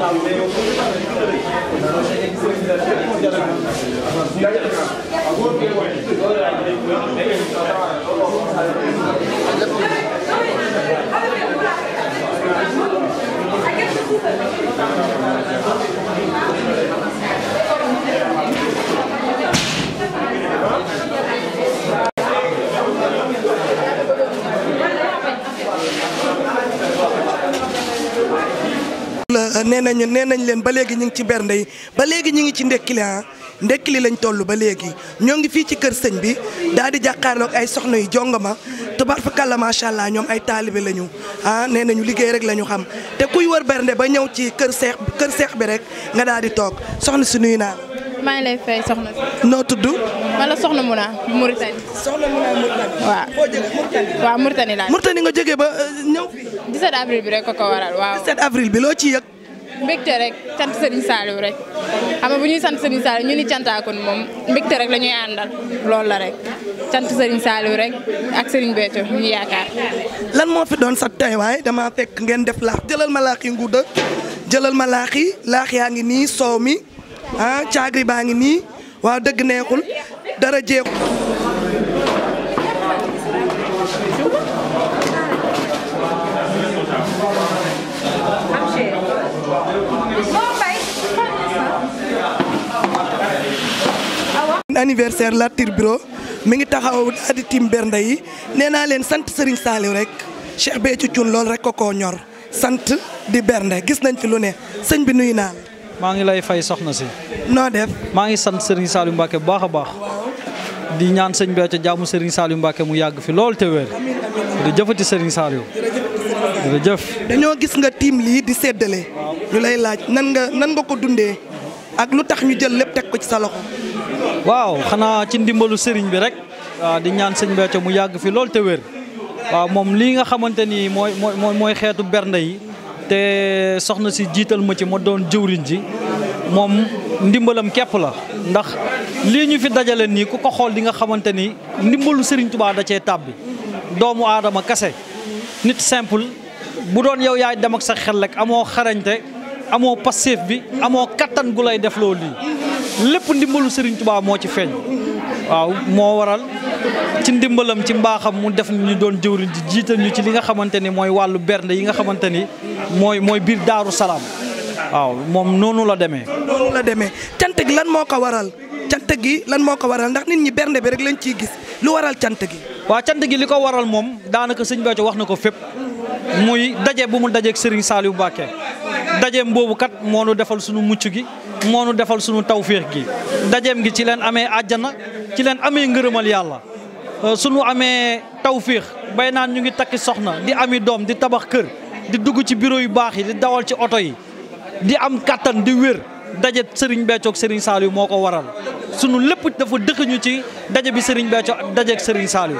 Gracias. ndax nee nañu nee nañ leen ba léegi ñu ngi ci bernde yi ba léegi ñu ngi ci ndekkili ah ndekkili lañ toll ba léegi ñoo ngi fii ci kër sëñ bi daal di jàkkaarloog ay soxna yu jongama tubarfakalla macha allah ñoom ay taalibe lañu ah nee nañu liggéey rek la xam te kuy wër bernde ba ñëw ci kër seex kër seex bi rek nga daal di toog soxna si nuyu naa maa ngi lay fay soxna noo tudd. man la soxna Muna Mauritanie. soxna Muna Mauritanie. waaw foo nga jóge ba euh, ñëw fii. 17 avril bi rek ko ko waral waaw. 17 avril bi loo ci yëg. mbégte rek sant Serigne Saliou rek xam nga bu ñuy sant Serigne Saliou ñu ni kon moom mbégte rek la ñuy àndal loolu la rek sant Serigne Saliou rek ak Serigne Béthio ñu yaakaar. lan moo fi doon sa teewaay dama fekk ngeen def laax jëlal ma laax yi nguuda jëlal ma laax yi laax yaa ngi nii soow mi ah caagri baa ngi nii waa dëgg neexul dara jeexul. anniversaire Lat Tir mi ngi taxaw daal di tiim bernde yi nee naa leen sant Serigne Saliou rek Cheikh Béthio Thioune loolu rek ko ñor sant di bernde gis nañ fi lu ne sëñ bi nuyu naa maa ngi lay fay soxna si. noo def. maa ngi sant Serigne Saliou Mbacke bu baax a baax. di ñaan sëñ Béthio jaamu Serigne Saliou Mbacke mu yàgg fi lool te wér. di jëfati Serigne Saliou. dañoo gis nga tiim lii di séddale. ñu lay laaj nan nga nan nga ko dundee. ak lu tax ñu jël lépp teg ko ci sa loxo. waaw xana ci ndimbalu serigne bi rek ah, di ñaan bi ci mu yag fi lol te wër waaw mom li nga xamanteni moy moy moy mooy xeetu bernde yi te soxna si jital ma ci mo doon jëwriñ ji mom ndimbalam képp la ndax li ñu fi dajalé ni ku ko xol di nga xamanteni ndimbalu serigne touba da cee tàbbi doomu adama kasse nit simple bu doon yow yaay dem ak sa xel rek amoo xarañte amo passif bi amo katan gulay def loolu li lépp ndimbalu Serigne Touba moo ci feeñ waaw moo waral ci ndimbalam ci mbaaxam mu def ñu doon jëwriñ ji jiital ñu ci li nga xamante ni mooy wàllu bernde yi nga xamante ni mooy mooy biir Daaru Salaam waaw moom noonu la demee. demee cant gi lan moo ko waral cant gi lan moo ko waral ndax nit ñi bernde bi rek lañ ciy gis lu waral cant gi. waaw cant gi li ko waral moom daanaka sëñ Béthio wax na ko fépp muy daje bu mu dajeeg Serigne Saliou Mbacké dajeem boobu kat moo nu defal sunu mucc gi. moo nu defal sunu tawféex gi dajeem gi ci leen amee àjjana ci leen amee ngërëmal yàlla euh, sunu amee tawféex bay naan ñu ngi takki soxna di ami doom di tabax kër di dugg ci bureau yu baax yi di dawal ci oto yi di am kattan di wér daje Serigne Béthio ak saali moo ko waral sunu lépp dafa dëkkuñu ci daje bi Serigne Béthio daje ak Serigne Saliou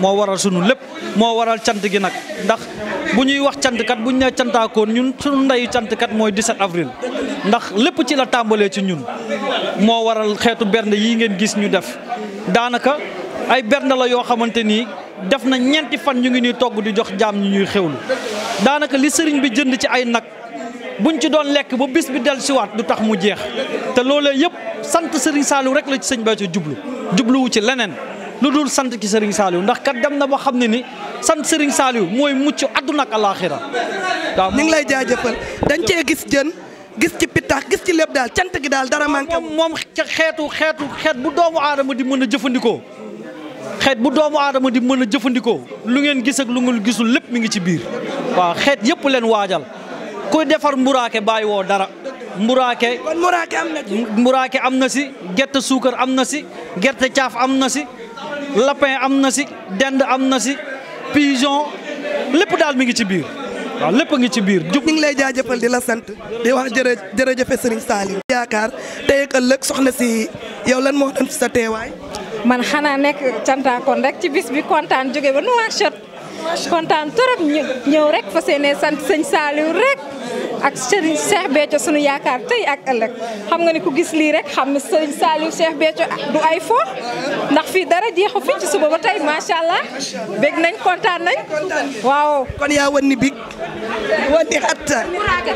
moo waral sunu lépp moo waral cant gi nag ndax bu ñuy wax cantkat bu ñu ne cantaakoon ñun suñu ndeyu cantkat mooy 17 avril ndax lépp ci la tàmbalee ci ñun moo waral xeetu bernde yi ngeen gis ñu def daanaka ay bernde la yoo xamante nii def na ñeenti fan ñu ngi ñuy togg di jox jaam ñu ñuy xewlu daanaka li sëriñ bi jënd ci ay nag buñ ci doon lekk ba bés bi siwaat du tax mu jeex te loolee yëpp sant sëriñ Saliou rek la ci sëñ Béthio jublu jubluwu ci leneen lu dul sant ci sëriñ Saliou ndax kat dem na ba xam ne ni sant Serigne Saliou mooy mucc àdduna ak alaaxira ñu ngi lay jaajëfal dañ cee gis jën gis ci pittax gis ci lépp daal cant gi daal dara manqué moom xeetu xeetu xeet bu doomu aadama di mën a jëfandikoo xeet bu doomu aadama di mën a jëfandikoo lu ngeen gis ak lu ngeen gisul lépp mu ngi ci biir waaw xeet yëpp leen waajal kuy defar mburaake bàyyi woo dara mburaake kon am na mburaake am na si gerte suukar am na si gerte caaf am na si lapin am na si dend am na si pigeon lépp daal mu ngi ci biir waaw lépp ngi ci biir. ñu ngi lay jaajëfal di la sant di wax jërë jërëjëfe Serigne Saliou. yaakaar tey ak ëllëg soxna si yow lan moo doon sa teewaay. man xanaa nekk cantaakoon rek ci bis bi kontaan jóge ba nu waa Chod. kontaan torop ñëw rek fa seenee sant sëñ Saliou rek. ak Serigne Cheikh suñu yaakaar tey ak ëllëg xam nga ni ku gis lii rek xam ne Serigne Saliou du ay fo ndax fii dara jeexu fii ci suba ba tey macha allah bég nañ kontaan nañ waaw kon yaa wan big wan xatta